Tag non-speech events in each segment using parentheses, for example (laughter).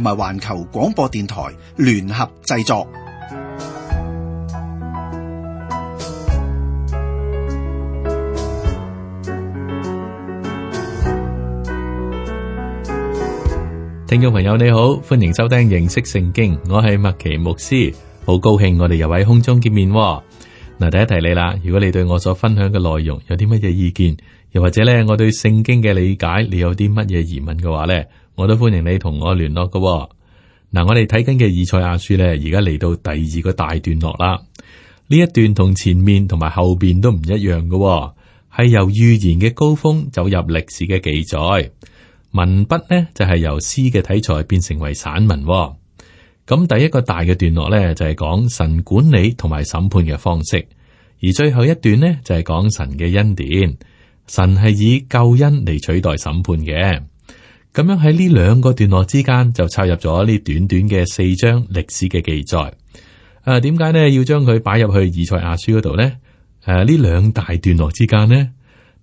同埋環球廣播電台聯合製作，聽眾朋友你好，歡迎收聽認識聖經，我係麥奇牧師，好高興我哋又喺空中見面。嗱，第一題嚟喇，如果你對我所分享嘅內容有啲乜嘢意見，又或者咧我對聖經嘅理解，你有啲乜嘢疑問嘅話咧？我都歡迎你同我聯絡嘅喎。嗱，我哋睇緊嘅《以賽亞書》咧，而家嚟到第二個大段落啦。呢一段同前面同埋後邊都唔一樣嘅喎，係由預言嘅高峰走入歷史嘅記載。文筆呢就係由詩嘅題材變成為散文喎。咁第一個大嘅段落呢，就係講神管理同埋審判嘅方式。而最後一段呢，就係講神嘅恩典。神係以救恩嚟取代審判嘅。咁樣喺呢兩個段落之間就插入咗呢短短嘅四章歷史嘅記載。誒、啊，點解呢？要將佢擺入去以賽亞書嗰度呢？誒，呢兩大段落之間呢，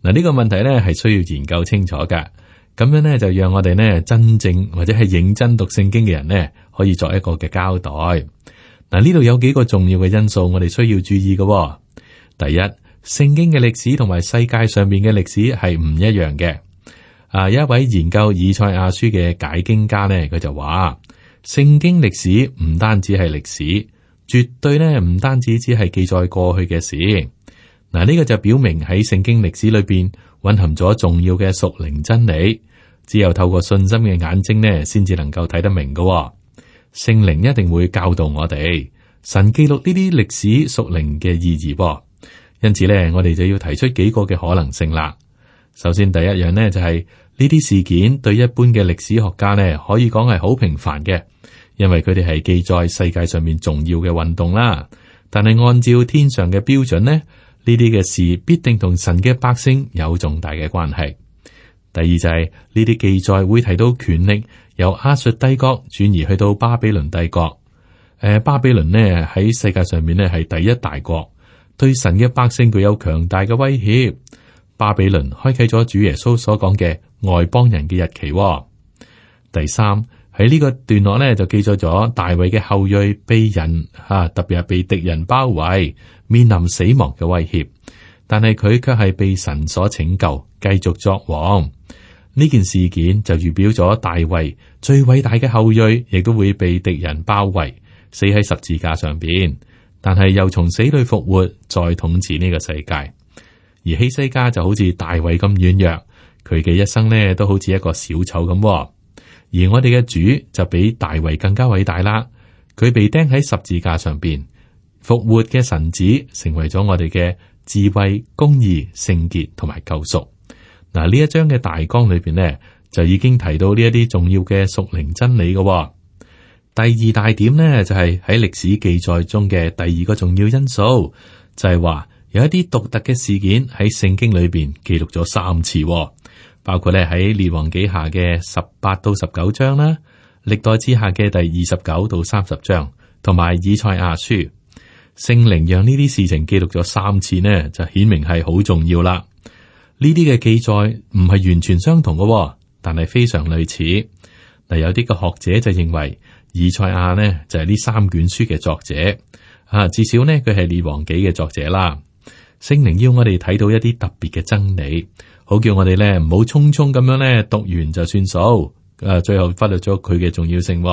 嗱、啊、呢、這個問題呢係需要研究清楚噶。咁樣呢，就讓我哋呢，真正或者係認真讀聖經嘅人呢，可以作一個嘅交代。嗱、啊，呢度有幾個重要嘅因素，我哋需要注意嘅、哦。第一，聖經嘅歷史同埋世界上面嘅歷史係唔一樣嘅。啊！一位研究以賽亞書嘅解經家呢，佢就話：聖經歷史唔單止係歷史，絕對呢唔單止只係記載過去嘅事。嗱，呢個就表明喺聖經歷史裏邊蘊含咗重要嘅屬靈真理，只有透過信心嘅眼睛呢先至能夠睇得明噶。聖靈一定會教導我哋，神記錄呢啲歷史屬靈嘅意義。因此呢，我哋就要提出幾個嘅可能性啦。首先第一樣呢，就係、是。呢啲事件對一般嘅歷史學家呢，可以講係好平凡嘅，因為佢哋係記載世界上面重要嘅運動啦。但係按照天上嘅標準呢，呢啲嘅事必定同神嘅百姓有重大嘅關係。第二就係呢啲記載會提到權力由阿述帝國轉移去到巴比倫帝國。誒、呃，巴比倫呢喺世界上面呢係第一大國，對神嘅百姓具有強大嘅威脅。巴比倫開啓咗主耶穌所講嘅外邦人嘅日期，哦。第三喺呢個段落咧，就記載咗大衛嘅後裔被人嚇，啊，特別係被敵人包圍，面臨死亡嘅威脅。但係佢卻係被神所拯救，繼續作王。呢件事件就預表咗大衛最偉大嘅後裔，亦都會被敵人包圍，死喺十字架上邊。但係又從死裏復活，再統治呢個世界。而希西家就好似大衛咁軟弱。佢嘅一生呢都好似一個小丑咁，哦，而我哋嘅主就比大衛更加偉大啦。佢被釘喺十字架上邊復活嘅神子，成為咗我哋嘅智慧、公義、聖潔同埋救贖。嗱、啊，呢一張嘅大綱裏邊呢，就已經提到呢一啲重要嘅屬靈真理嘅，哦。第二大點呢，就係喺歷史記載中嘅第二個重要因素，就係話有一啲獨特嘅事件喺聖經裏邊記錄咗三次，哦。包括咧喺列王紀下嘅十八到十九章啦，歷代之下嘅第二十九到三十章，同埋以賽亞書，聖靈讓呢啲事情記錄咗三次呢，就顯明係好重要啦。呢啲嘅記載唔係完全相同嘅，但係非常類似。嗱，有啲嘅學者就認為以賽亞呢就係呢三卷書嘅作者，啊，至少呢，佢係列王紀嘅作者啦。聖靈要我哋睇到一啲特別嘅真理。好叫我哋咧唔好匆匆咁樣咧讀完就算數，誒，最後忽略咗佢嘅重要性。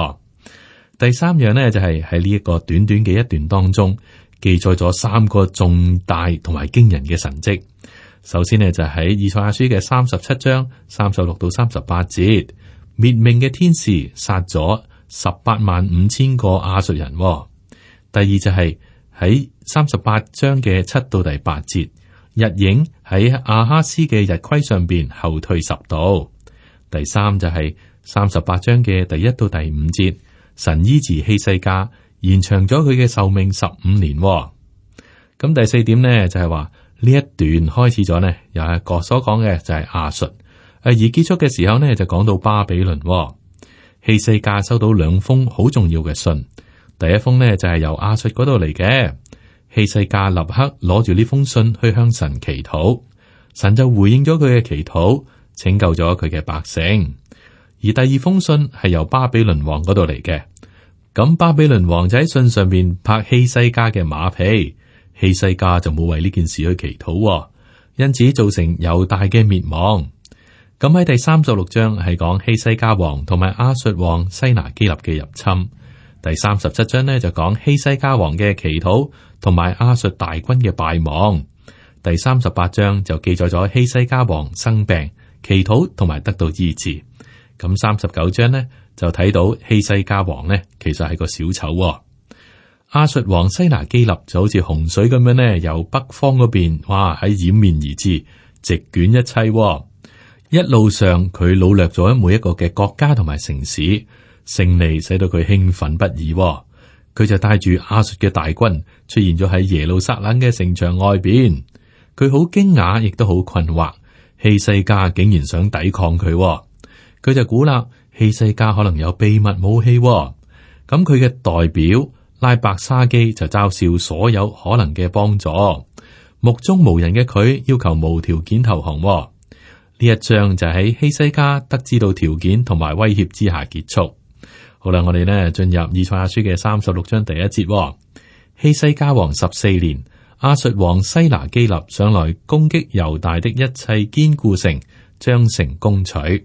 第三樣呢就係喺呢一個短短嘅一段當中記載咗三個重大同埋驚人嘅神蹟。首先呢就喺以賽亞書嘅三十七章三十六到三十八節，滅命嘅天使殺咗十八萬五千個亞述人。第二就係喺三十八章嘅七到第八節，日影。喺亞哈斯嘅日規上邊後退十度。第三就係、是、三十八章嘅第一到第五節，神醫治希西家，延長咗佢嘅壽命十五年、哦。咁、嗯、第四點呢，就係話呢一段開始咗呢，由阿哥所講嘅就係亞述，誒，而結束嘅時候呢，就講到巴比倫、哦。希西家收到兩封好重要嘅信，第一封呢，就係、是、由亞述嗰度嚟嘅。希西家立刻攞住呢封信去向神祈禱，神就回應咗佢嘅祈禱，拯救咗佢嘅百姓。而第二封信係由巴比倫王嗰度嚟嘅，咁巴比倫王就喺信上面拍希西家嘅馬屁，希西家就冇為呢件事去祈禱、哦，因此造成猶大嘅滅亡。咁喺第三十六章係講希西家王同埋亞述王西拿基立嘅入侵。第三十七章咧就講希西家王嘅祈禱，同埋亞述大軍嘅敗亡。第三十八章就記載咗希西家王生病、祈禱同埋得到醫治。咁三十九章呢，就睇到希西家王呢，其實係個小丑，哦。亞述王西拿基立就好似洪水咁樣呢，由北方嗰邊哇喺掩面而至，席捲一切，哦。一路上佢擄掠咗每一個嘅國家同埋城市。勝利使到佢興奮不已，哦，佢就帶住亞述嘅大軍出現咗喺耶路撒冷嘅城牆外邊。佢好驚訝，亦都好困惑，希西家竟然想抵抗佢，哦。佢就估啦，希西家可能有秘密武器，哦。咁佢嘅代表拉伯沙基就嘲笑所有可能嘅幫助。目中無人嘅佢要求無條件投降，哦。呢一仗就喺希西家得知到條件同埋威脅之下結束。好啦，我哋咧進入以賽亞書嘅三十六章第一節、哦。希西家王十四年，亞述王西拿基立上來攻擊猶大的一切堅固城，將城攻取。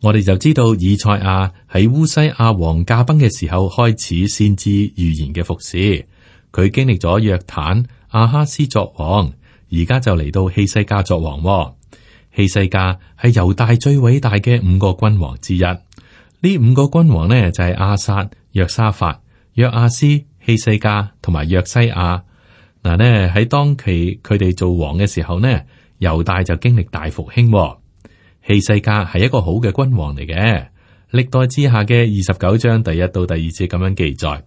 我哋就知道以賽亞喺烏西亞王駕崩嘅時候開始先知預言嘅服侍。佢經歷咗約坦、亞哈斯作王，而家就嚟到希西家作王、哦。希西家係猶大最偉大嘅五個君王之一。呢五個君王呢，就係、是、阿薩、約沙法、約阿斯、希西家同埋約西亞嗱。呢喺當期佢哋做王嘅時候呢，猶大就經歷大復興。希西家係一個好嘅君王嚟嘅。歷代之下嘅二十九章第一到第二節咁樣記載：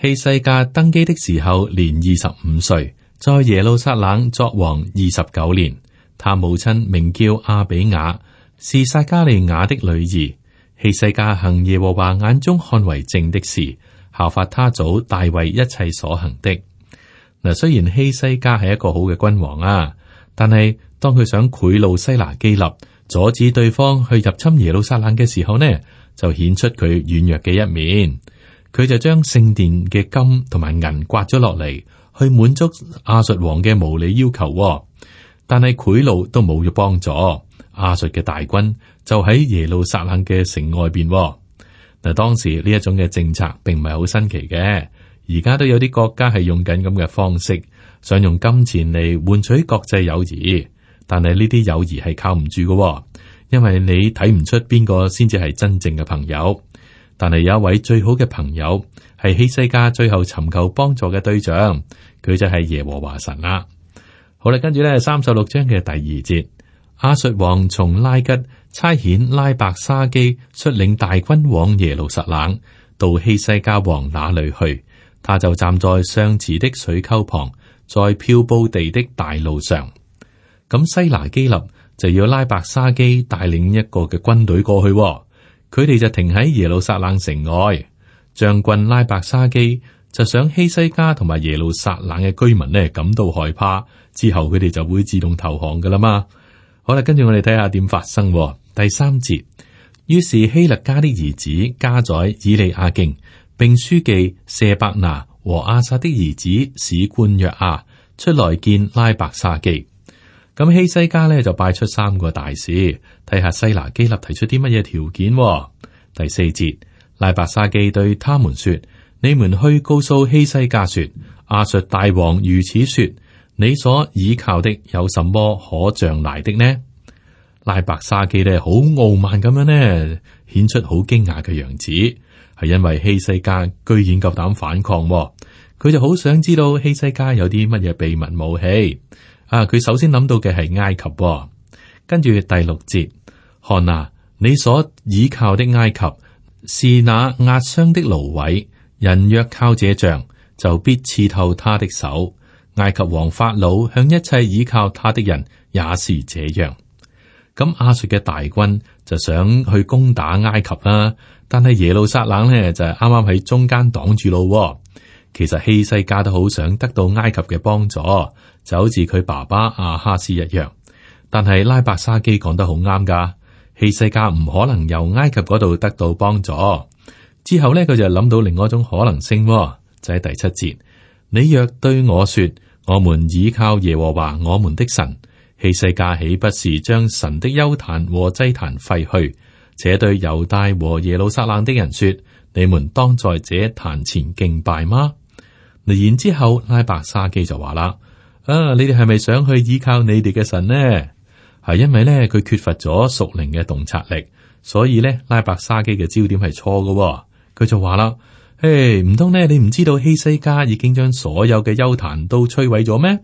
希西家登基的時候年二十五歲，在耶路撒冷作王二十九年。他母親名叫阿比雅，是撒加利亞的女兒。希西家行耶和華眼中看為正的事，效法他祖大衛一切所行的。嗱，雖然希西家係一個好嘅君王啊，但係當佢想賄賂西拿基立，阻止對方去入侵耶路撒冷嘅時候呢，就顯出佢軟弱嘅一面。佢就將聖殿嘅金同埋銀刮咗落嚟，去滿足亞述王嘅無理要求啊。但係賄賂都冇咗幫助。亞述嘅大軍就喺耶路撒冷嘅城外邊。嗱，當時呢一種嘅政策並唔係好新奇嘅，而家都有啲國家係用緊咁嘅方式，想用金錢嚟換取國際友誼。但係呢啲友誼係靠唔住嘅，哦，因為你睇唔出邊個先至係真正嘅朋友。但係有一位最好嘅朋友，係希西家最後尋求幫助嘅對象，佢就係耶和華神啦。好啦，跟住咧三十六章嘅第二節。阿述王從拉吉差遣拉伯沙基率領大軍往耶路撒冷到希西家王那裏去，他就站在上池的水溝旁，在漂布地的大路上。咁西拿基立就要拉伯沙基帶領一個嘅軍隊過去，哦，佢哋就停喺耶路撒冷城外。將軍拉伯沙基就想希西家同埋耶路撒冷嘅居民呢感到害怕之後，佢哋就會自動投降噶啦嘛。好啦，跟住我哋睇下點發生。第三節，於是希勒家的兒子家宰以利亞敬，並書記謝伯拿和亞薩的兒子史官約亞出來見拉伯沙基。咁希西家呢就派出三個大使，睇下西拿基立提出啲乜嘢條件。第四節，拉伯沙基對他們說：你們去告訴希西家說，亞述大王如此說。你所倚靠的有什麼可仗賴的呢？拉伯沙基咧，好傲慢咁樣呢，顯出好驚訝嘅樣子，係因為希西家居然夠膽反抗，佢就好想知道希西家有啲乜嘢秘密武器。啊，佢首先諗到嘅係埃及。跟住第六節，看啊，你所倚靠的埃及是那壓傷的蘆葦，人若靠這杖，就必刺透他的手。埃及王法老向一切倚靠他的人也是這樣。咁亞述嘅大軍就想去攻打埃及啦，啊，但係耶路撒冷呢，就係啱啱喺中間擋住咯，啊。其實希西家都好想得到埃及嘅幫助，就好似佢爸爸亞哈斯一樣。但係拉伯沙基講得好啱㗎，希西家唔可能由埃及嗰度得到幫助。之後呢，佢就諗到另外一種可能性，啊，就喺第七節：你若對我說。我們倚靠耶和華我們的神，希西家豈不是將神的邱壇和祭壇廢去？且對猶大和耶路撒冷的人說：你們當在這壇前敬拜嗎？然之後，拉伯沙基就話啦：啊，你哋係咪想去依靠你哋嘅神呢？係因為呢佢缺乏咗屬靈嘅洞察力，所以呢拉伯沙基嘅焦點係錯嘅哦。佢就話啦。誒，唔通咧？你唔知道希西家已經將所有嘅丘壇都摧毀咗咩？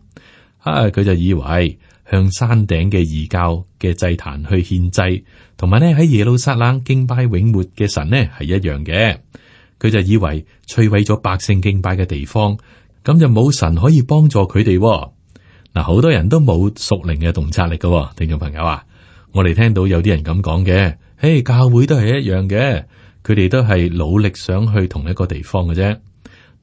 啊，佢就以為向山頂嘅異教嘅祭壇去獻祭，同埋咧喺耶路撒冷敬拜永活嘅神呢，係一樣嘅。佢就以為摧毀咗百姓敬拜嘅地方，咁就冇神可以幫助佢哋。嗱，啊，好多人都冇屬靈嘅洞察力噶，聽眾朋友啊，我哋聽到有啲人咁講嘅，誒，教會都係一樣嘅。佢哋都係努力想去同一個地方嘅啫。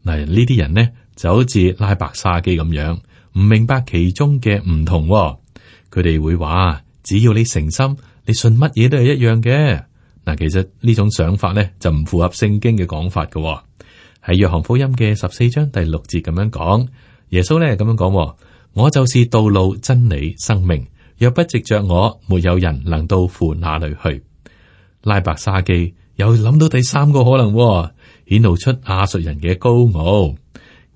嗱，呢啲人呢就好似拉白沙基咁樣，唔明白其中嘅唔同，哦。佢哋會話：只要你誠心，你信乜嘢都係一樣嘅。嗱，其實呢種想法呢就唔符合聖經嘅講法嘅，哦。喺約翰福音嘅十四章第六節咁樣講，耶穌呢咁樣講：我就是道路、真理、生命，若不藉著我，沒有人能到父那裏去。拉白沙基。又諗到第三個可能，哦，顯露出亞述人嘅高傲。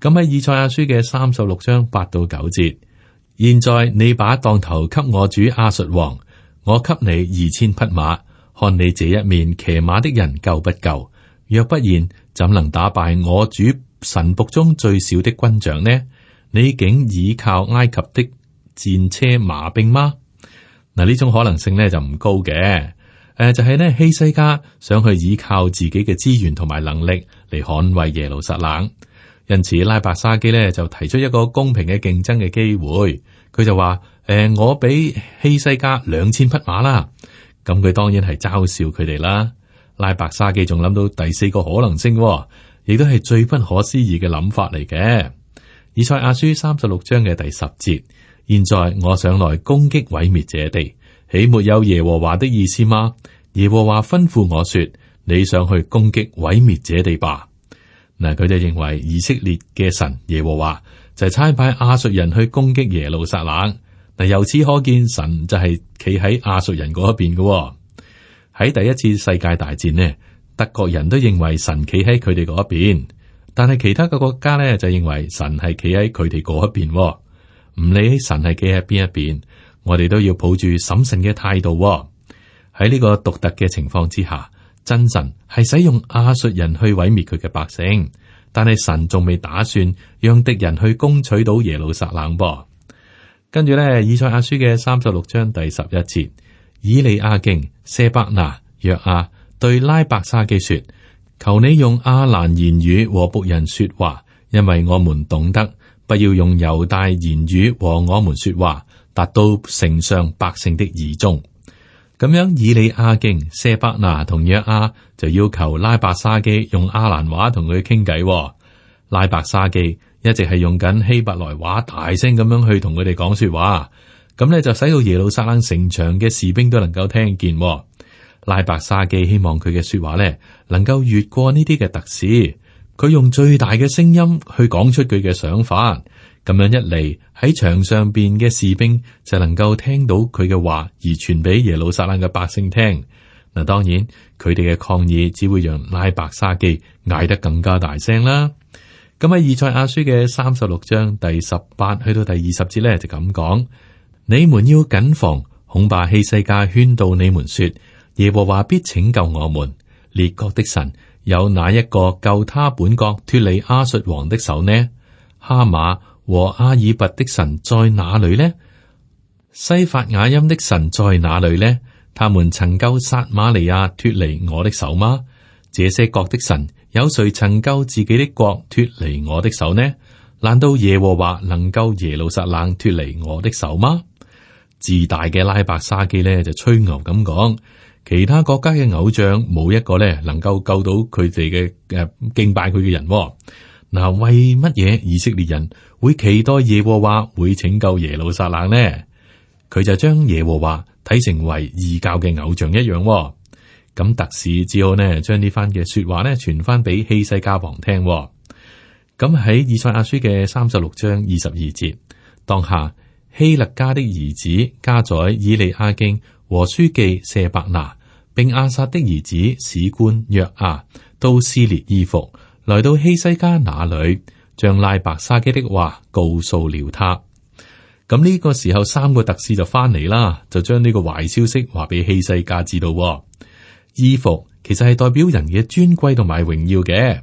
咁喺以賽亞書嘅三十六章八到九節，現在你把當頭給我主亞述王，我給你二千匹馬，看你這一面騎馬的人夠不夠？若不然，怎能打敗我主神僕中最小的軍長呢？你竟倚靠埃及的戰車馬兵嗎？嗱，呢種可能性呢，就唔高嘅。誒、呃，就係、是、呢，希西家想去依靠自己嘅資源同埋能力嚟捍衛耶路撒冷，因此拉白沙基呢就提出一個公平嘅競爭嘅機會。佢就話：，誒、呃，我俾希西家兩千匹馬啦，咁佢當然係嘲笑佢哋啦。拉白沙基仲諗到第四個可能性，哦，亦都係最不可思議嘅諗法嚟嘅。以賽亞書三十六章嘅第十節，現在我上來攻擊毀滅這地。豈沒有耶和華的意思嗎？耶和華吩咐我說：你想去攻擊毀滅者哋吧。嗱，佢就認為以色列嘅神耶和華就差派亞述人去攻擊耶路撒冷。嗱，由此可見神就係企喺亞述人嗰一邊嘅。喺第一次世界大戰呢，德國人都認為神企喺佢哋嗰邊，但係其他嘅國家呢就認為神係企喺佢哋嗰邊。唔理神係企喺邊一邊。我哋都要抱住審慎嘅態度喎。喺呢個獨特嘅情況之下，真神係使用亞述人去毀滅佢嘅百姓，但係神仲未打算讓敵人去攻取到耶路撒冷。噃。跟住呢，以賽亞書嘅三十六章第十一節，以利亞敬、舍伯那、約亞對拉伯沙基說：求你用亞蘭言語和僕人說話，因為我們懂得，不要用猶大言語和我們說話。達到城上百姓的耳中，咁樣以利阿敬、舍伯拿同約阿就要求拉伯沙基用阿蘭話同佢傾偈。拉伯沙基一直係用緊希伯來話，大聲咁樣去同佢哋講說話，咁呢，就使到耶路撒冷城牆嘅士兵都能夠聽見，哦。拉伯沙基希望佢嘅說話呢能夠越過呢啲嘅特使，佢用最大嘅聲音去講出佢嘅想法。咁樣一嚟喺牆上邊嘅士兵就能夠聽到佢嘅話，而傳俾耶路撒冷嘅百姓聽。嗱，當然佢哋嘅抗議只會讓拉伯沙基嗌得更加大聲啦。咁喺以賽亞書嘅三十六章第十八去到第二十節呢，就咁講： (music) 你們要謹防，恐怕希西家，勸導你們說：耶和華必拯救我們。列國的神有哪一個救他本國脫離亞述王的手呢？哈馬、和阿爾拔的神在哪裏呢？西法雅音的神在哪裏呢？他們曾救撒瑪利亞脫離我的手嗎？這些國的神有誰曾救自己的國脫離我的手呢？難道耶和華能夠耶路撒冷脫離我的手嗎？自大嘅拉伯沙基呢就吹牛咁講，其他國家嘅偶像冇一個呢能夠救到佢哋嘅，誒敬拜佢嘅人、哦。嗱、啊，為乜嘢以色列人會期待耶和華會拯救耶路撒冷呢？佢就將耶和華睇成為異教嘅偶像一樣、哦。咁、嗯、特使只好呢將呢番嘅說話呢傳翻俾希西家王聽、哦。咁喺以賽亞書嘅三十六章二十二節，當下希勒家的兒子家宰以利亞敬和書記謝伯拿，並亞薩的兒子史官約亞都撕裂衣服。來到希西家那裏，將拉白沙基的話告訴了他。咁呢個時候，三個特使就翻嚟啦，就將呢個壞消息話俾希西家知道。衣服其實係代表人嘅尊貴同埋榮耀嘅。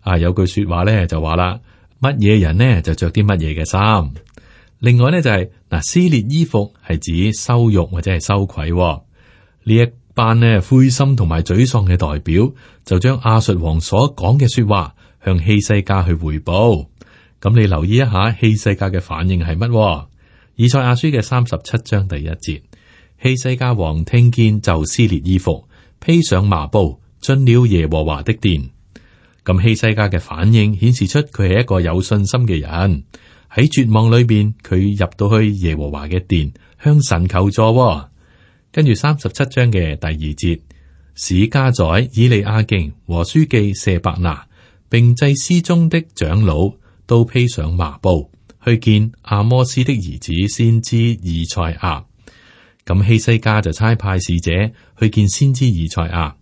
啊，有句說話咧，就話啦，乜嘢人呢？就着啲乜嘢嘅衫。另外呢，就係、是、嗱，撕裂衣服係指羞辱或者係羞愧呢一。班呢灰心同埋沮喪嘅代表就將亞述王所講嘅說話向希西家去匯報。咁你留意一下希西家嘅反應係乜？以賽亞書嘅三十七章第一節，希西家王聽見就撕裂衣服，披上麻布，進了耶和華的殿。咁希西家嘅反應顯示出佢係一個有信心嘅人。喺絕望裏邊，佢入到去耶和華嘅殿，向神求助。跟住三十七章嘅第二節，史家宰、以利亞敬和書記舍伯那，並祭司中的長老都披上麻布去見阿摩斯的兒子先知以賽亞。咁希西家就差派使者去見先知以賽亞。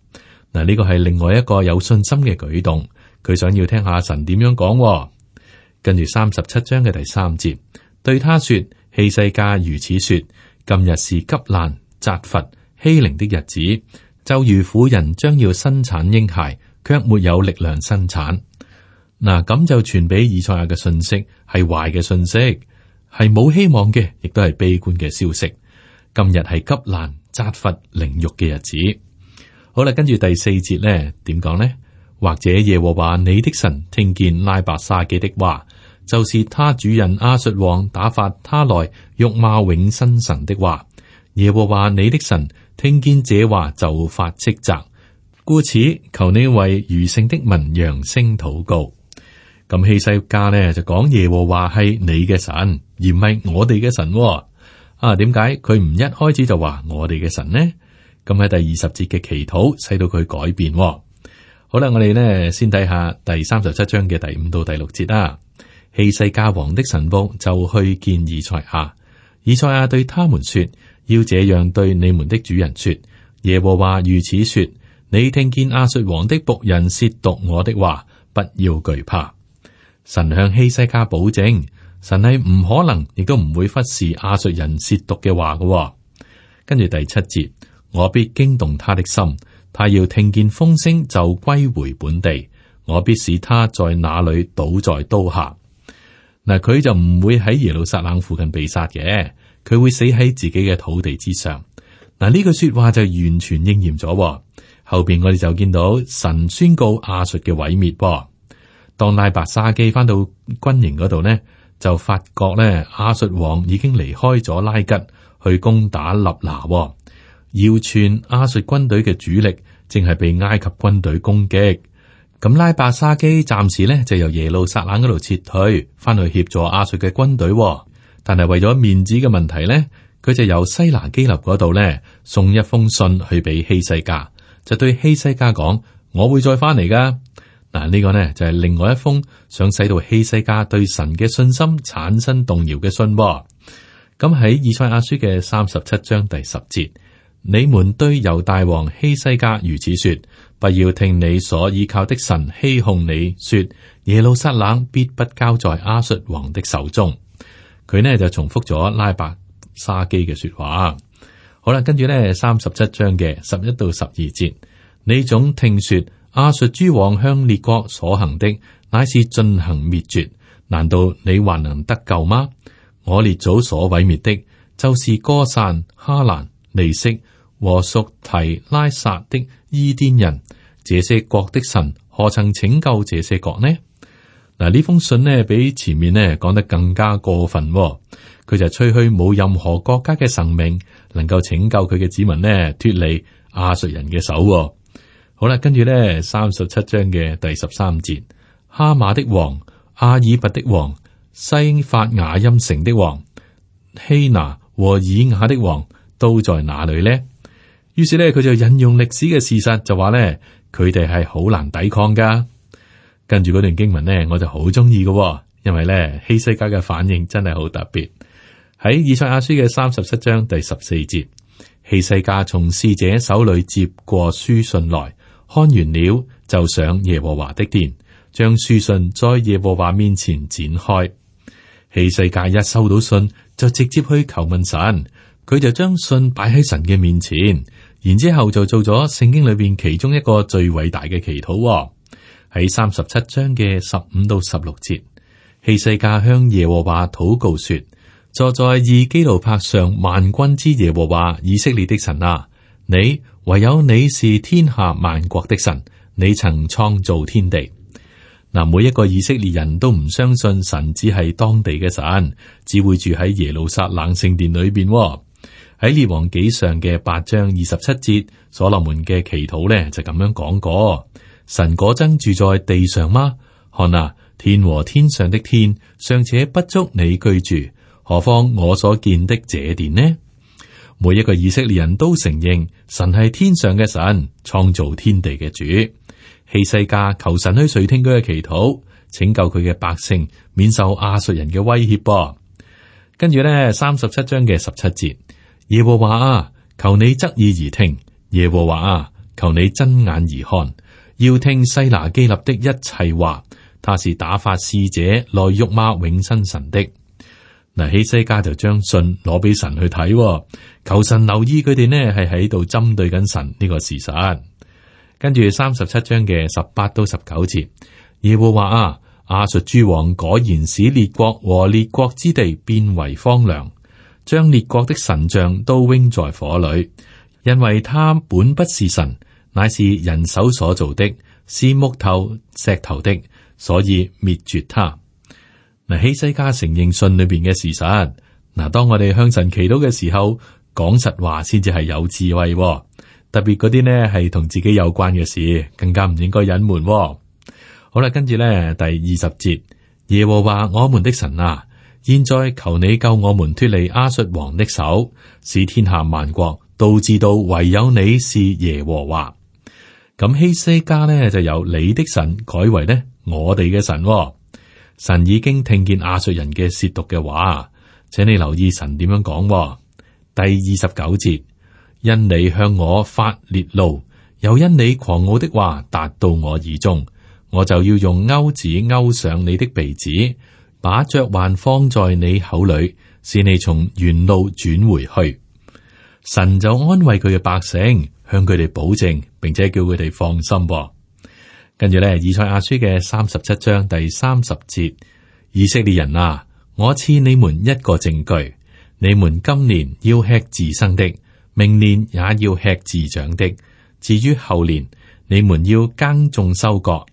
嗱，呢個係另外一個有信心嘅舉動，佢想要聽下神點樣講。跟住三十七章嘅第三節，對他說：希西家如此說，今日是急難。責罰欺凌的日子，就如婦人將要生產嬰孩，卻沒有力量生產。嗱，咁就傳俾以賽亞嘅信息係壞嘅信息，係冇希望嘅，亦都係悲觀嘅消息。今日係急難、責罰、凌辱嘅日子。好啦，跟住第四節咧，點講咧？或者耶和華你的神聽見拉伯沙基的話，就是他主人亞述王打發他來辱罵永生神的話。耶和華你的神聽見這話，就發斥責，故此求你為餘剩的民揚聲禱告。咁氣勢家呢，就講耶和華係你嘅神，而唔係我哋嘅神，哦。啊，點解佢唔一開始就話我哋嘅神呢？咁喺第二十節嘅祈禱使到佢改變，哦。好啦，我哋呢，先睇下第三十七章嘅第五到第六節啦。氣勢家王的神僕就去見以賽亞，以賽亞對他們說。要這樣對你們的主人說：耶和華如此說，你聽見亞述王的僕人褻瀆我的話，不要懼怕。神向希西家保證，神係唔可能亦都唔會忽視亞述人褻瀆嘅話嘅。跟住第七節，我必驚動他的心，他要聽見風聲就歸回本地，我必使他在那裏倒在刀下。嗱，佢就唔會喺耶路撒冷附近被殺嘅。佢會死喺自己嘅土地之上。嗱，呢句說話就完全應驗咗。後邊我哋就見到神宣告亞述嘅毀滅，哦。當拉伯沙基翻到軍營嗰度呢，就發覺呢亞述王已經離開咗拉吉去攻打立拿，哦，謠傳亞述軍隊嘅主力正係被埃及軍隊攻擊。咁拉伯沙基暫時呢就由耶路撒冷嗰度撤退，翻去協助亞述嘅軍隊，哦。但係為咗面子嘅問題呢佢就由西拿基立嗰度呢送一封信去俾希西家，就對希西家講：我會再翻嚟噶。嗱，呢、啊這個呢就係、是、另外一封想使到希西家對神嘅信心產生動搖嘅信、啊。咁、嗯、喺以賽亞書嘅三十七章第十節，你們對猶大王希西家如此說：不要聽你所倚靠的神欺哄你，說耶路撒冷必不交在亞述王的手中。佢呢就重複咗拉伯沙基嘅說話，好啦，跟住呢三十七章嘅十一到十二節，你總聽說亞述諸王向列國所行的，乃是進行滅絕，難道你還能得救嗎？我列祖所毀滅的，就是歌散、哈蘭、利色和屬提拉撒的伊甸人，這些國的神何曾拯救這些國呢？嗱，呢封信呢，比前面呢講得更加過分，哦，佢就吹噓冇任何國家嘅神明能夠拯救佢嘅子民呢脫離亞述人嘅手，哦。好啦，跟住呢三十七章嘅第十三節，哈馬的王，阿爾拔的王，西法雅音城的王、希拿和以雅的王都在哪裏呢？於是呢，佢就引用歷史嘅事實，就話呢，佢哋係好難抵抗㗎。跟住嗰段經文呢，我就好中意嘅，因為咧，希西家嘅反應真係好特別。喺以賽亞書嘅三十七章第十四節，希西家，希西家從侍者手裏接過書信來看完了，就上耶和華的殿，將書信在耶和華面前展開。希西家一收到信，就直接去求問神，佢就將信擺喺神嘅面前，然之後就做咗聖經裏邊其中一個最偉大嘅祈禱、哦。喺三十七章嘅十五到十六節，希西家向耶和華禱告說：坐在二基路伯上萬軍之耶和華以色列的神啊，你，唯有你是天下萬國的神，你曾創造天地。嗱，每一個以色列人都唔相信神只係當地嘅神，只會住喺耶路撒冷聖殿裏邊。喺列王紀上嘅八章二十七節，所羅門嘅祈禱呢，就咁樣講過。神果真住在地上嗎？看啊，天和天上的天尚且不足你居住，何況我所見的這殿呢？每一個以色列人都承認神係天上嘅神，創造天地嘅主。希西家求神去垂聽佢嘅祈禱，拯救佢嘅百姓免受亞述人嘅威脅噃。跟住呢，三十七章嘅十七節，耶和華啊，求你側耳而聽；耶和華啊，求你睜眼而看。要聽西拿基立的一切話，他是打發使者來辱罵永生神的。嗱，希西家就將信攞俾神去睇，求神留意佢哋，呢，係喺度針對緊神呢個事實。跟住三十七章嘅十八到十九節，耶和華啊，亞述諸王果然使列國和列國之地變為荒涼，將列國的神像都扔在火裏，因為他本不是神。乃是人手所造的，是木頭石頭的，所以滅絕它。嗱。希西家承認信裏邊嘅事實嗱。當我哋向神祈禱嘅時候，講實話先至係有智慧，哦，特別嗰啲呢係同自己有關嘅事，更加唔應該隱瞞。好啦，跟住呢第二十節，耶和華我們的神啊，現在求你救我們脫離亞述王的手，使天下萬國都知道唯有你是耶和華。咁希西家呢就由你的神改為呢我哋嘅神、哦，神已經聽見亞述人嘅褻瀆嘅話，請你留意神點樣講、哦。第二十九節，因你向我發烈怒，又因你狂傲的話達到我耳中，我就要用鈎子勾上你的鼻子，把嚼環放在你口裏，使你從原路轉回去。神就安慰佢嘅百姓。向佢哋保證，並且叫佢哋放心。跟住咧，以賽亞書嘅三十七章第三十節，以色列人啊，我賜你們一個證據：你們今年要吃自生的，明年也要吃自長的。至於後年，你們要耕種收割，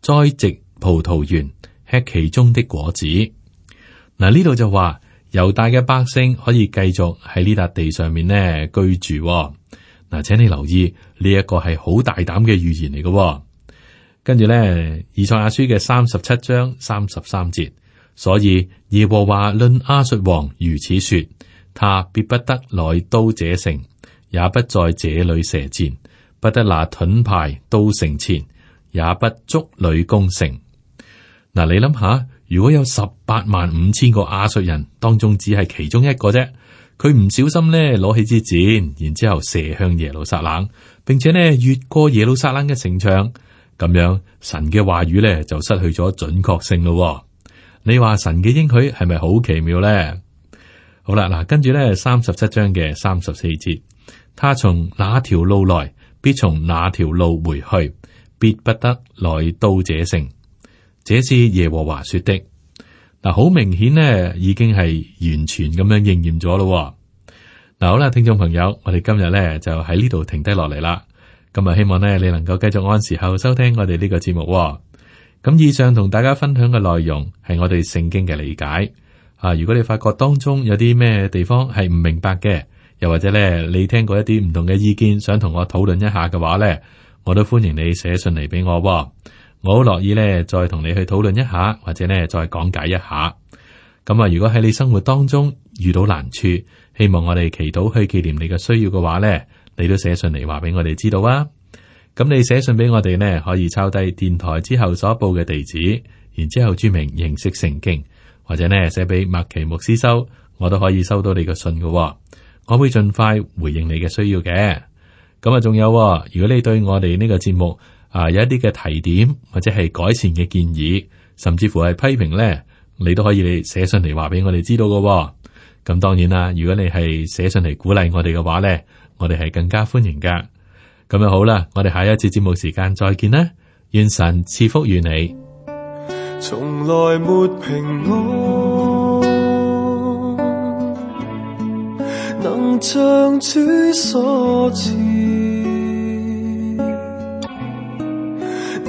栽植葡萄園，吃其中的果子。嗱，呢度、呃、就話猶大嘅百姓可以繼續喺呢笪地上面呢居住、哦。嗱，請你留意呢一、這個係好大膽嘅預言嚟嘅，哦，跟住咧，以賽亞書嘅三十七章三十三節，所以耶和華論亞述王如此說，他必不得來到這城，也不在這裏射箭，不得拿盾牌到城前，也不築壘攻城。嗱，嗯，你諗下，如果有十八萬五千個亞述人，當中只係其中一個啫。佢唔小心咧，攞起支箭，然之後射向耶路撒冷，並且呢越過耶路撒冷嘅城牆，咁樣神嘅話語咧就失去咗準確性咯。你話神嘅應許係咪好奇妙咧？好啦，嗱，跟住咧三十七章嘅三十四節，他從哪條路來，必從哪條路回去，必不得來到這城。這是耶和華說的。嗱，好明顯咧，已經係完全咁樣應驗咗咯。嗱，好啦，聽眾朋友，我哋今日咧就喺呢度停低落嚟啦。咁啊，希望咧你能夠繼續按時候收聽我哋呢個節目。咁以上同大家分享嘅內容係我哋聖經嘅理解。啊，如果你發覺當中有啲咩地方係唔明白嘅，又或者咧你聽過一啲唔同嘅意見，想同我討論一下嘅話咧，我都歡迎你寫信嚟俾我。我好樂意咧，再同你去討論一下，或者咧再講解一下。咁啊，如果喺你生活當中遇到難處，希望我哋祈禱去紀念你嘅需要嘅話咧，你都寫信嚟話俾我哋知道啊。咁你寫信俾我哋呢，可以抄低電台之後所報嘅地址，然之後注明認識聖經，或者呢，寫俾麥奇牧師收，我都可以收到你嘅信嘅、哦。我會盡快回應你嘅需要嘅。咁啊，仲有、哦，如果你對我哋呢個節目，啊，有一啲嘅提點或者係改善嘅建議，甚至乎係批評咧，你都可以你寫信嚟，話俾我哋知道噶、哦。咁當然啦，如果你係寫信嚟鼓勵我哋嘅話咧，我哋係更加歡迎噶。咁啊好啦，我哋下一次節目時間再見啦，願神賜福於你。從來沒平安，能像主所賜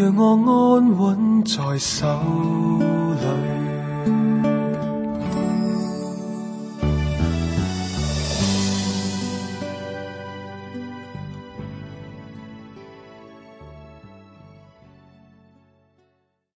讓我安穩在手裏。